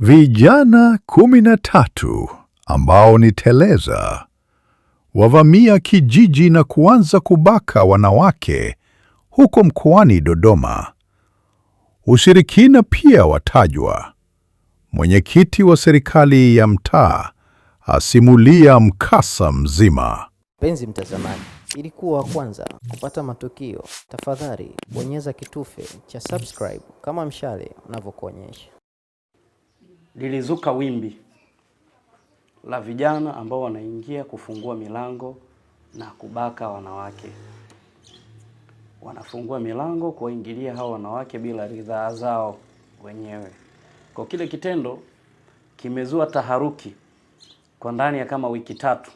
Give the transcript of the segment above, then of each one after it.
Vijana kumi na tatu ambao ni teleza wavamia kijiji na kuanza kubaka wanawake huko mkoani Dodoma. Ushirikina pia watajwa. Mwenyekiti wa serikali ya mtaa asimulia mkasa mzima. Mpenzi mtazamaji, ili kuwa wa kwanza kupata matukio, tafadhali bonyeza kitufe cha subscribe kama mshale unavyokuonyesha lilizuka wimbi la vijana ambao wanaingia kufungua milango na kubaka wanawake. Wanafungua milango kuwaingilia hao wanawake bila ridhaa zao wenyewe. Kwa kile kitendo kimezua taharuki kwa ndani ya kama wiki tatu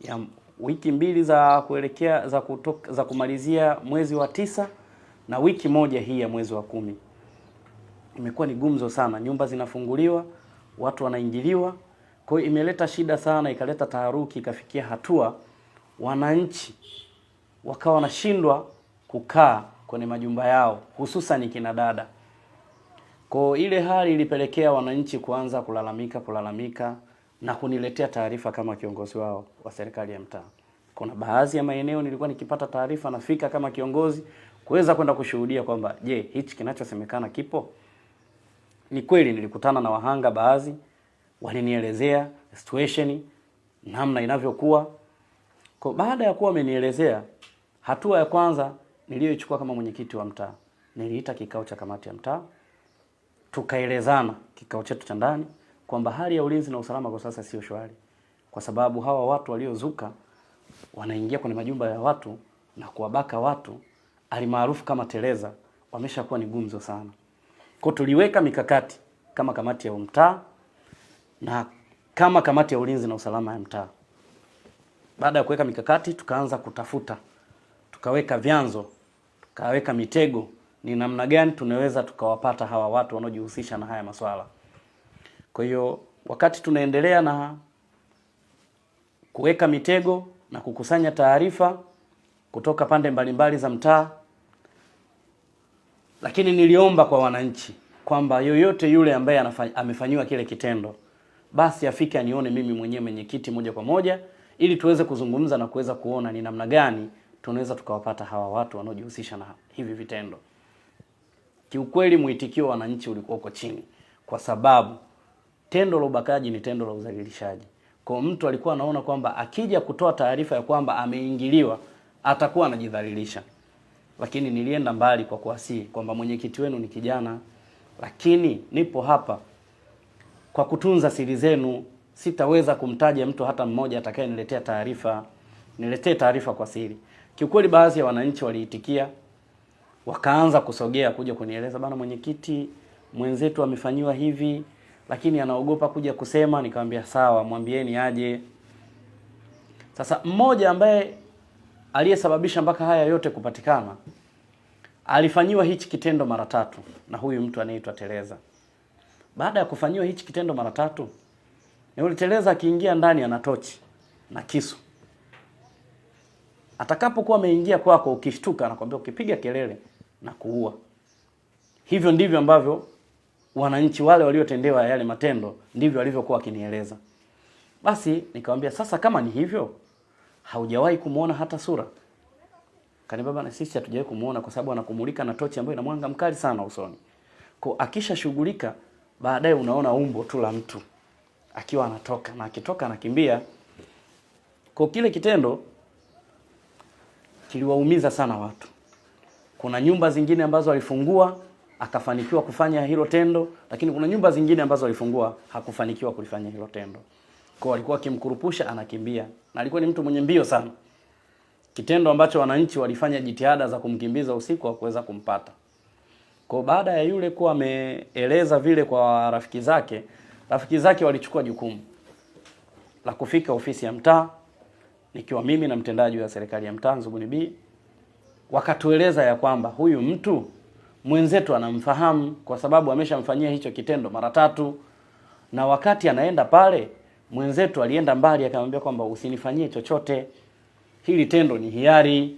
ya wiki mbili za kuelekea za kutoka, za kumalizia mwezi wa tisa na wiki moja hii ya mwezi wa kumi imekuwa ni gumzo sana, nyumba zinafunguliwa, watu wanaingiliwa. Kwa hiyo imeleta shida sana, ikaleta taharuki, ikafikia hatua wananchi wakawa wanashindwa kukaa kwenye majumba yao, hususan kina dada. Kwa ile hali ilipelekea wananchi kuanza kulalamika kulalamika na kuniletea taarifa kama kiongozi wao wa serikali ya mtaa. Kuna baadhi ya maeneo nilikuwa nikipata taarifa nafika kama kiongozi kuweza kwenda kushuhudia kwamba je, hichi kinachosemekana kipo? Ni kweli nilikutana na wahanga baadhi, walinielezea situation namna inavyokuwa. Kwa baada ya kuwa amenielezea, hatua ya kwanza niliyoichukua kama mwenyekiti wa mtaa, niliita kikao cha kamati ya mtaa, tukaelezana kikao chetu cha ndani kwamba hali ya ulinzi na usalama kwa sasa sio shwari, kwa sababu hawa watu waliozuka wanaingia kwenye majumba ya watu na kuwabaka watu alimaarufu kama teleza, wameshakuwa ni gumzo sana. Kwa tuliweka mikakati kama kamati ya mtaa na kama kamati ya ulinzi na usalama ya mtaa. Baada ya kuweka mikakati, tukaanza kutafuta, tukaweka vyanzo, tukaweka mitego, ni namna gani tunaweza tukawapata hawa watu wanaojihusisha na haya masuala. Kwa hiyo wakati tunaendelea na kuweka mitego na kukusanya taarifa kutoka pande mbalimbali za mtaa, lakini niliomba kwa wananchi kwamba yoyote yule ambaye amefanyiwa kile kitendo basi afike anione mimi mwenyewe mwenyekiti moja kwa moja, ili tuweze kuzungumza na kuweza kuona ni namna gani tunaweza tukawapata hawa watu wanaojihusisha na hivi vitendo. Kiukweli mwitikio wa wananchi ulikuwa uko chini, kwa sababu tendo la ubakaji ni tendo la udhalilishaji. Kwa mtu alikuwa anaona kwamba akija kutoa taarifa ya kwamba ameingiliwa atakuwa anajidhalilisha lakini nilienda mbali kwa kuwasihi kwamba mwenyekiti wenu ni kijana, lakini nipo hapa kwa kutunza siri zenu. Sitaweza kumtaja mtu hata mmoja atakayeniletea taarifa, niletee taarifa kwa siri. Kiukweli baadhi ya wananchi waliitikia, wakaanza kusogea kuja kunieleza, bana, mwenyekiti mwenzetu amefanyiwa hivi, lakini anaogopa kuja kusema. Nikamwambia sawa, mwambieni aje. Sasa mmoja ambaye aliyesababisha mpaka haya yote kupatikana alifanyiwa hichi kitendo mara tatu na huyu mtu anaitwa Tereza. Baada ya kufanyiwa hichi kitendo mara tatu, yule Tereza akiingia ndani ana tochi na kisu. Atakapokuwa ameingia kwako ukishtuka, anakwambia ukipiga kelele na kuua. Hivyo ndivyo ambavyo wananchi wale waliotendewa yale matendo ndivyo walivyokuwa wakinieleza. Basi nikamwambia sasa, kama ni hivyo haujawahi kumuona hata sura? Kani baba na sisi hatujawahi kumuona kwa sababu anakumulika na tochi ambayo ina mwanga mkali sana usoni. Kwa akishashughulika baadaye unaona umbo tu la mtu akiwa anatoka na akitoka anakimbia. Kwa kile kitendo kiliwaumiza sana watu. Kuna nyumba zingine ambazo alifungua akafanikiwa kufanya hilo tendo, lakini kuna nyumba zingine ambazo alifungua hakufanikiwa kulifanya hilo tendo. Kwa alikuwa akimkurupusha anakimbia. Na alikuwa ni mtu mwenye mbio sana. Kitendo ambacho wananchi walifanya jitihada za kumkimbiza usiku kuweza kumpata. Kwa baada ya yule kuwa ameeleza vile kwa rafiki zake, rafiki zake walichukua jukumu la kufika ofisi ya mtaa nikiwa mimi na mtendaji wa serikali ya mtaa Nzuguni B, wakatueleza ya kwamba huyu mtu mwenzetu anamfahamu kwa sababu ameshamfanyia hicho kitendo mara tatu, na wakati anaenda pale mwenzetu alienda mbali akamwambia kwamba usinifanyie chochote, hili tendo ni hiari,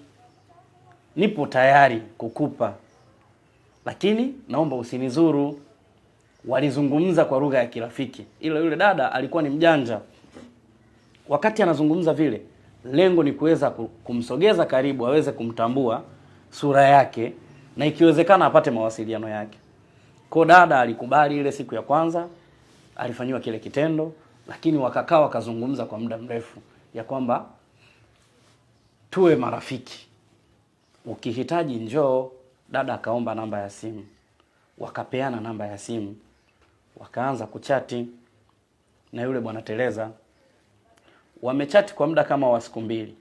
nipo tayari kukupa, lakini naomba usinizuru. Walizungumza kwa lugha ya kirafiki, ila yule dada alikuwa ni mjanja. Wakati anazungumza vile, lengo ni kuweza kumsogeza karibu, aweze kumtambua sura yake na ikiwezekana apate mawasiliano yake. Kwa dada alikubali ile siku ya kwanza alifanyiwa kile kitendo lakini wakakaa wakazungumza kwa muda mrefu ya kwamba tuwe marafiki, ukihitaji njoo. Dada akaomba namba ya simu, wakapeana namba ya simu, wakaanza kuchati na yule bwana Tereza. Wamechati kwa muda kama wa siku mbili.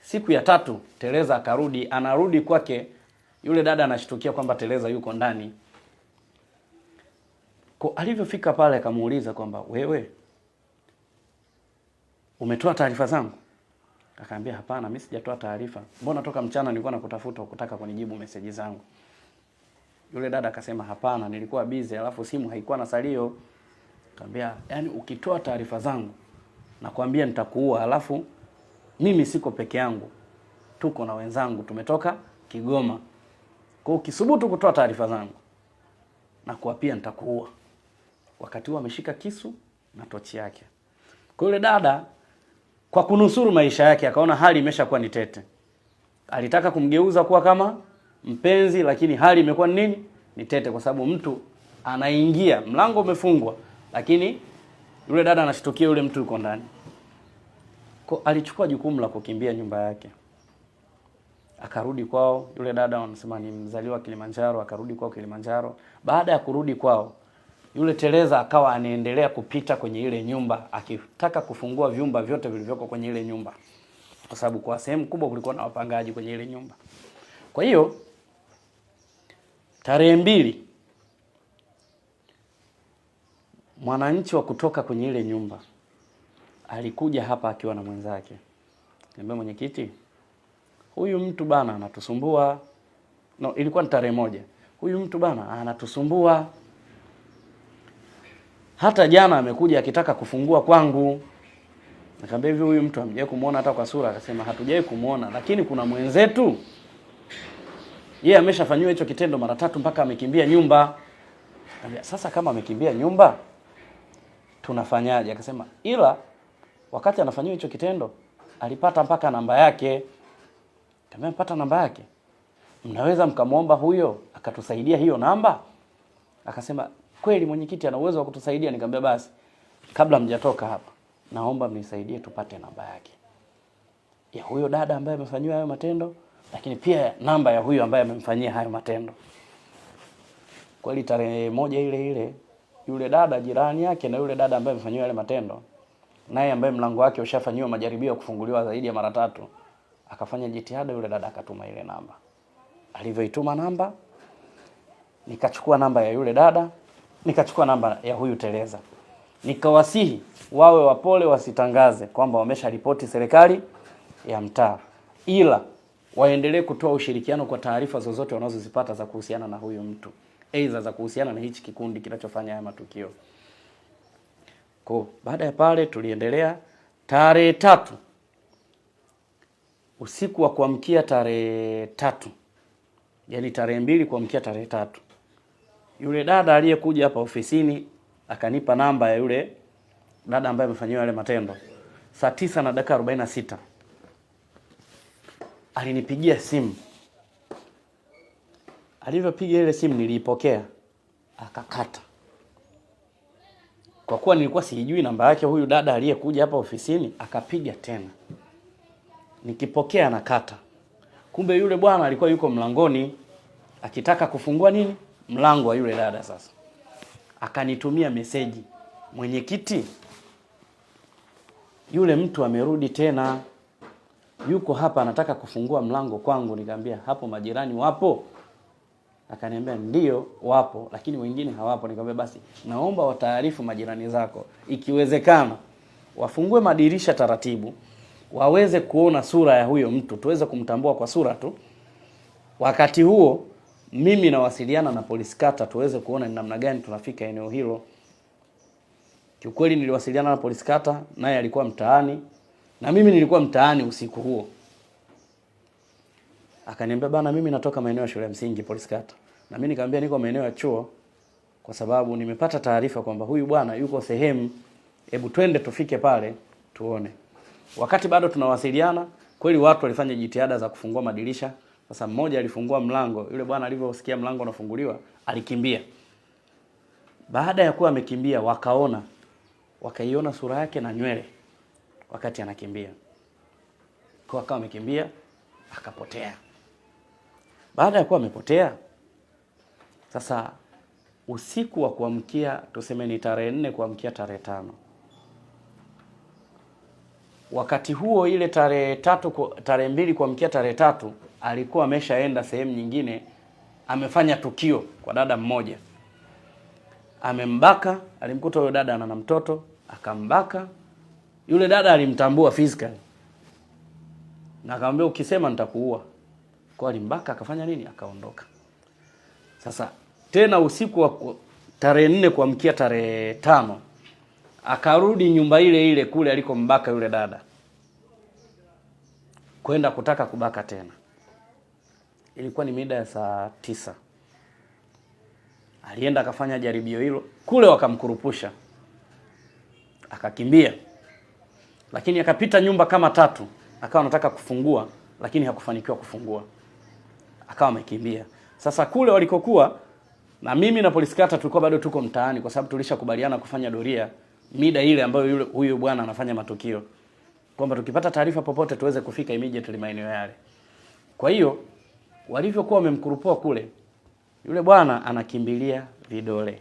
Siku ya tatu Tereza akarudi, anarudi kwake, yule dada anashtukia kwamba Tereza yuko ndani. Kwa alivyofika pale, akamuuliza kwamba wewe umetoa taarifa zangu? Akaambia hapana, mimi sijatoa taarifa. Mbona toka mchana nilikuwa nakutafuta ukutaka kunijibu meseji zangu? Yule dada akasema hapana, nilikuwa busy, alafu simu haikuwa na salio. Akaambia yani, ukitoa taarifa zangu nakwambia nitakuua. Alafu mimi siko peke yangu, tuko na wenzangu, tumetoka Kigoma. Kwa hiyo ukisubutu kutoa taarifa zangu nakuwa pia nitakuua. Wakati huo ameshika kisu na tochi yake. Kwa yule dada kwa kunusuru maisha yake, akaona hali imeshakuwa ni tete. Alitaka kumgeuza kuwa kama mpenzi, lakini hali imekuwa ni nini? Ni tete, kwa sababu mtu anaingia, mlango umefungwa, lakini yule dada anashtukia yule mtu yuko ndani. Kwa alichukua jukumu la kukimbia nyumba yake, akarudi kwao. Yule dada wanasema ni mzaliwa Kilimanjaro, akarudi kwao Kilimanjaro. Baada ya kurudi kwao yule tereza akawa anaendelea kupita kwenye ile nyumba akitaka kufungua vyumba vyote vilivyoko kwenye ile nyumba, kwa sababu kwa sehemu kubwa kulikuwa na wapangaji kwenye ile nyumba. Kwa hiyo tarehe mbili mwananchi wa kutoka kwenye ile nyumba alikuja hapa akiwa na mwenzake, niambia mwenyekiti, huyu mtu bana anatusumbua. No, ilikuwa ni tarehe moja. Huyu mtu bana anatusumbua hata jana amekuja akitaka kufungua kwangu. Nikamwambia hivi, huyu mtu hamjawahi kumuona hata kwa sura? Akasema hatujawahi kumuona, lakini kuna mwenzetu yeye yeah, ameshafanyiwa hicho kitendo mara tatu mpaka amekimbia nyumba. Nikamwambia sasa, kama amekimbia nyumba tunafanyaje? Akasema ila wakati anafanyiwa hicho kitendo alipata mpaka namba yake. Nikamwambia pata namba yake, mnaweza mkamwomba huyo akatusaidia hiyo namba? Akasema kweli mwenyekiti ana uwezo wa kutusaidia? Nikamwambia basi, kabla mjatoka hapa, naomba mnisaidie tupate namba yake ya huyo dada ambaye amefanyiwa hayo matendo, lakini pia namba ya huyo ambaye amemfanyia hayo matendo. Kweli tarehe moja ile ile yule dada jirani yake na yule dada ambaye amefanyiwa yale matendo naye ambaye mlango wake ushafanyiwa majaribio ya kufunguliwa zaidi ya mara tatu, akafanya jitihada yule dada akatuma ile namba. Alivyoituma namba, nikachukua namba ya yule dada nikachukua namba ya huyu Tereza, nikawasihi wawe wapole, wasitangaze kwamba wamesha ripoti serikali ya mtaa, ila waendelee kutoa ushirikiano kwa taarifa zozote wanazozipata za kuhusiana na huyu mtu, aidha za kuhusiana na hichi kikundi kinachofanya haya matukio. Kwa baada ya pale tuliendelea tarehe tatu usiku wa kuamkia tarehe tatu, yani tarehe mbili kuamkia tarehe tatu yule dada aliyekuja hapa ofisini akanipa namba ya yule dada ambaye amefanyiwa yale matendo, saa tisa na dakika arobaini na sita alinipigia simu. Alivyopiga ile simu niliipokea, akakata. Kwa kuwa nilikuwa sijui namba yake huyu dada aliyekuja hapa ofisini, akapiga tena, nikipokea nakata. Kumbe yule bwana alikuwa yuko mlangoni akitaka kufungua nini mlango wa yule dada sasa akanitumia meseji, mwenyekiti, yule mtu amerudi tena, yuko hapa, anataka kufungua mlango kwangu. Nikamwambia hapo majirani wapo? Akaniambia ndio wapo, lakini wengine hawapo. Nikamwambia basi, naomba wataarifu majirani zako, ikiwezekana wafungue madirisha taratibu, waweze kuona sura ya huyo mtu, tuweze kumtambua kwa sura tu. Wakati huo mimi nawasiliana na polisi kata tuweze kuona ni namna gani tunafika eneo hilo. Kiukweli niliwasiliana na polisi kata, naye alikuwa mtaani na mimi nilikuwa mtaani usiku huo. Akaniambia bana, mimi natoka maeneo ya shule ya msingi polisi kata, na mimi nikamwambia niko maeneo ya chuo, kwa sababu nimepata taarifa kwamba huyu bwana yuko sehemu, hebu twende tufike pale tuone. Wakati bado tunawasiliana, kweli watu walifanya jitihada za kufungua madirisha sasa mmoja alifungua mlango, yule bwana alivyosikia mlango unafunguliwa alikimbia. Baada ya kuwa amekimbia, wakaona wakaiona sura yake na nywele wakati anakimbia, kwa akawa amekimbia akapotea. Baada ya kuwa amepotea, sasa usiku wa kuamkia tuseme ni tarehe nne kuamkia tarehe tano wakati huo ile tarehe tatu tarehe mbili kuamkia tarehe tatu alikuwa ameshaenda sehemu nyingine, amefanya tukio kwa dada mmoja, amembaka. Alimkuta huyo dada ana mtoto, akambaka. Yule dada alimtambua physically na akamwambia, ukisema nitakuua. Kwa alimbaka, akafanya nini? Akaondoka. Sasa tena usiku wa tarehe nne kuamkia tarehe tano akarudi nyumba ile ile kule alikombaka yule dada kwenda kutaka kubaka tena ilikuwa ni mida ya saa tisa. Alienda akafanya jaribio hilo kule, wakamkurupusha akakimbia, lakini akapita nyumba kama tatu, akawa anataka kufungua, lakini hakufanikiwa kufungua, akawa amekimbia. Sasa kule walikokuwa na mimi na polisi kata tulikuwa bado tuko mtaani, kwa sababu tulishakubaliana kufanya doria mida ile ambayo yule huyu bwana anafanya matukio, kwamba tukipata taarifa popote tuweze kufika immediately maeneo yale. Kwa hiyo walivyokuwa wamemkurupua kule, yule bwana anakimbilia vidole.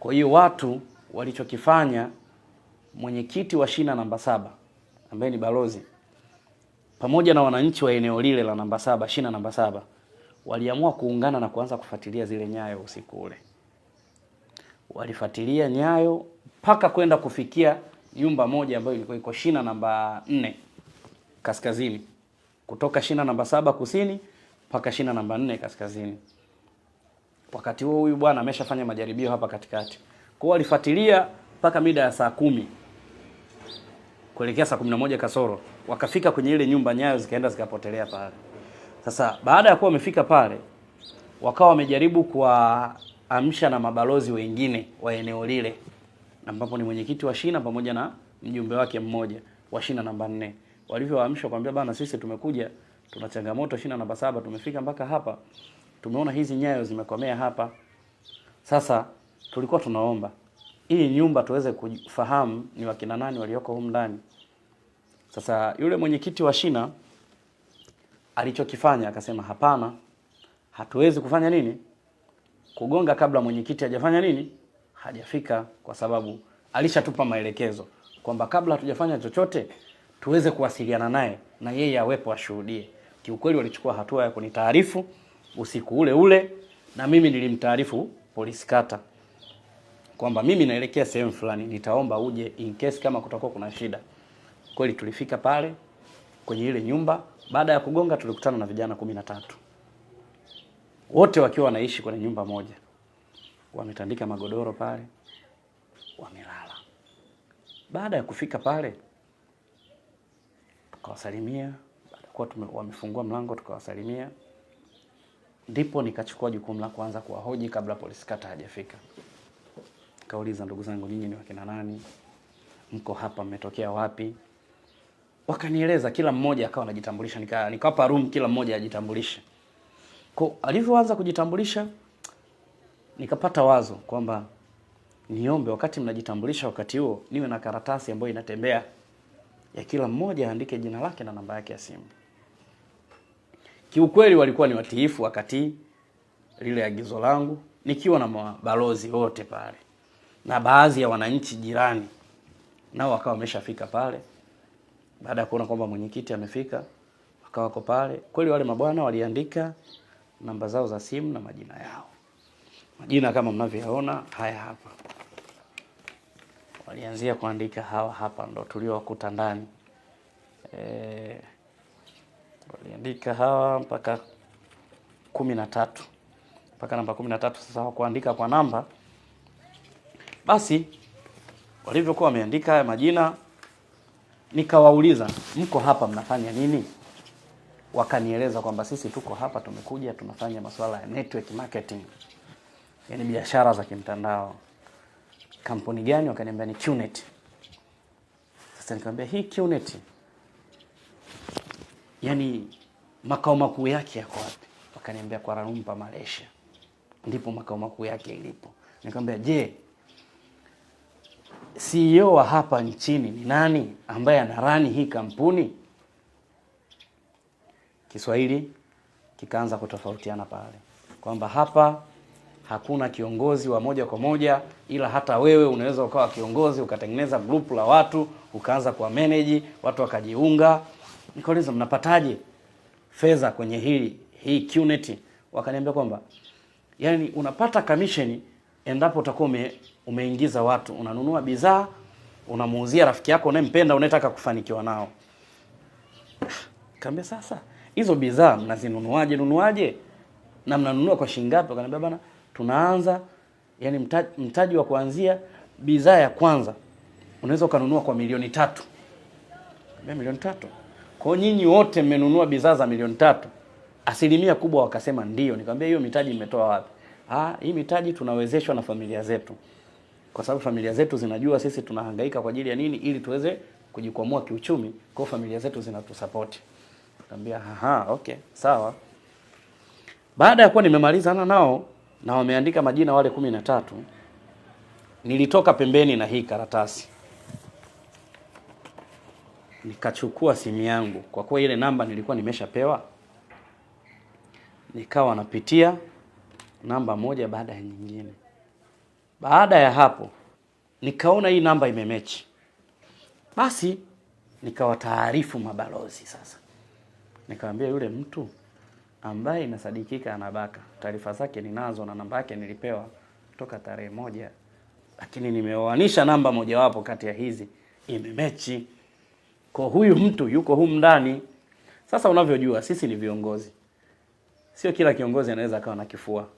Kwa hiyo watu walichokifanya, mwenyekiti wa shina namba saba ambaye ni balozi pamoja na wananchi wa eneo lile la namba saba, shina namba saba, waliamua kuungana na kuanza kufuatilia zile nyayo usiku ule. Walifuatilia nyayo mpaka kwenda kufikia nyumba moja ambayo ilikuwa iko shina namba nne kaskazini kutoka shina namba saba kusini mpaka shina namba nne kaskazini. Wakati huo huyu bwana ameshafanya majaribio hapa katikati, kwa hiyo alifuatilia mpaka mida ya saa kumi kuelekea saa kumi na moja kasoro wakafika kwenye ile nyumba, nyayo zikaenda zikapotelea pale. Sasa baada ya kuwa wamefika pale, wakawa wamejaribu kuwaamsha na mabalozi wengine wa eneo lile, ambapo ni mwenyekiti wa shina pamoja na mjumbe wake mmoja wa shina namba nne walivyoamsha kwambia bana, sisi tumekuja tuna changamoto shina namba saba, tumefika mpaka hapa, tumeona hizi nyayo zimekomea hapa. Sasa tulikuwa tunaomba hii nyumba tuweze kufahamu ni wakina nani walioko humu ndani. Sasa yule mwenyekiti wa shina alichokifanya akasema, hapana, hatuwezi kufanya nini, kugonga kabla mwenyekiti hajafanya nini, hajafika, kwa sababu alishatupa maelekezo kwamba kabla hatujafanya chochote tuweze kuwasiliana naye na yeye awepo ashuhudie. Kiukweli walichukua hatua ya kunitaarifu usiku ule ule, na mimi nilimtaarifu polisi kata kwamba mimi naelekea sehemu fulani, nitaomba uje in case kama kutakuwa kuna shida. Kweli tulifika pale kwenye ile nyumba, baada ya kugonga tulikutana na vijana kumi na tatu wote wakiwa wanaishi kwenye nyumba moja, wametandika magodoro pale, wamelala. Baada ya kufika pale tukawasalimia, Baada alikuwa wamefungua mlango, tukawasalimia, ndipo nikachukua jukumu la kuanza kuwahoji kabla polisi kata hajafika. Kauliza, ndugu zangu, nyinyi ni wakina nani? Mko hapa mmetokea wapi? Wakanieleza, kila mmoja akawa anajitambulisha, nikawapa nika room, kila mmoja ajitambulishe. Kwa alivyoanza kujitambulisha, nikapata wazo kwamba niombe wakati mnajitambulisha, wakati huo niwe na karatasi ambayo inatembea ya kila mmoja aandike jina lake na namba yake ya simu. Kiukweli walikuwa ni watiifu wakati lile agizo langu, nikiwa na mabalozi wote pale na baadhi ya wananchi jirani nao wakawa wameshafika pale. Baada ya kuona kwamba mwenyekiti amefika, wakawa wako pale. Kweli wale mabwana waliandika namba zao za simu na majina yao, majina kama mnavyoyaona haya hapa walianzia kuandika hawa hapa ndo tuliowakuta ndani e, waliandika hawa mpaka kumi na tatu mpaka namba kumi na tatu Sasa wakuandika kwa namba, basi walivyokuwa wameandika haya majina, nikawauliza mko hapa mnafanya nini? Wakanieleza kwamba sisi tuko hapa tumekuja tunafanya masuala ya network marketing, yani biashara za kimtandao kampuni gani? Wakaniambia ni QNet. Sasa nikamwambia hii QNet yani makao makuu yake yako wapi? Wakaniambia Kuala Lumpur, Malaysia ndipo makao makuu yake ilipo. Nikamwambia je, CEO wa hapa nchini ni nani ambaye anarani hii kampuni? Kiswahili kikaanza kutofautiana pale kwamba hapa hakuna kiongozi wa moja kwa moja, ila hata wewe unaweza ukawa kiongozi ukatengeneza group la watu ukaanza kuwa manage watu wakajiunga. Nikauliza, mnapataje fedha kwenye hili hii Qneti? Wakaniambia kwamba yani unapata commission endapo utakuwa ume, umeingiza watu, unanunua bidhaa unamuuzia rafiki yako unayempenda unayetaka kufanikiwa nao. Kaambia sasa hizo bidhaa mnazinunuaje nunuaje na mnanunua kwa shilingi ngapi? Wakaniambia bana tunaanza yani mtaji, mtaji wa kuanzia bidhaa ya kwanza unaweza ukanunua kwa milioni tatu. Milioni tatu. Kwa nyinyi wote mmenunua bidhaa za milioni tatu. Asilimia kubwa wakasema ndio. Nikamwambia hiyo mitaji mmetoa wapi? Ah, hii mitaji tunawezeshwa na familia zetu. Kwa sababu familia zetu zinajua sisi tunahangaika kwa ajili ya nini ili tuweze kujikwamua kiuchumi. Kwa familia zetu zinatusupport. Nikamwambia aha, okay, sawa. Baada ya kuwa nimemalizana nao na wameandika majina wale kumi na tatu, nilitoka pembeni na hii karatasi nikachukua simu yangu, kwa kuwa ile namba nilikuwa nimeshapewa, nikawa napitia namba moja baada ya nyingine. Baada ya hapo, nikaona hii namba imemechi, basi nikawataarifu mabalozi. Sasa nikamwambia yule mtu ambaye inasadikika anabaka. Taarifa zake ninazo na namba yake nilipewa toka tarehe moja, lakini nimeoanisha namba mojawapo kati ya hizi imemechi. Kwa huyu mtu yuko humu ndani. Sasa unavyojua sisi ni viongozi, sio kila kiongozi anaweza akawa na kifua.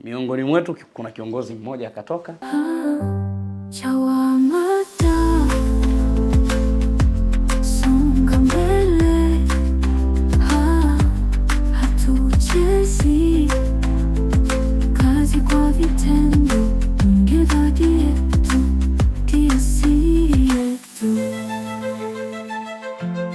Miongoni mwetu kuna kiongozi mmoja akatoka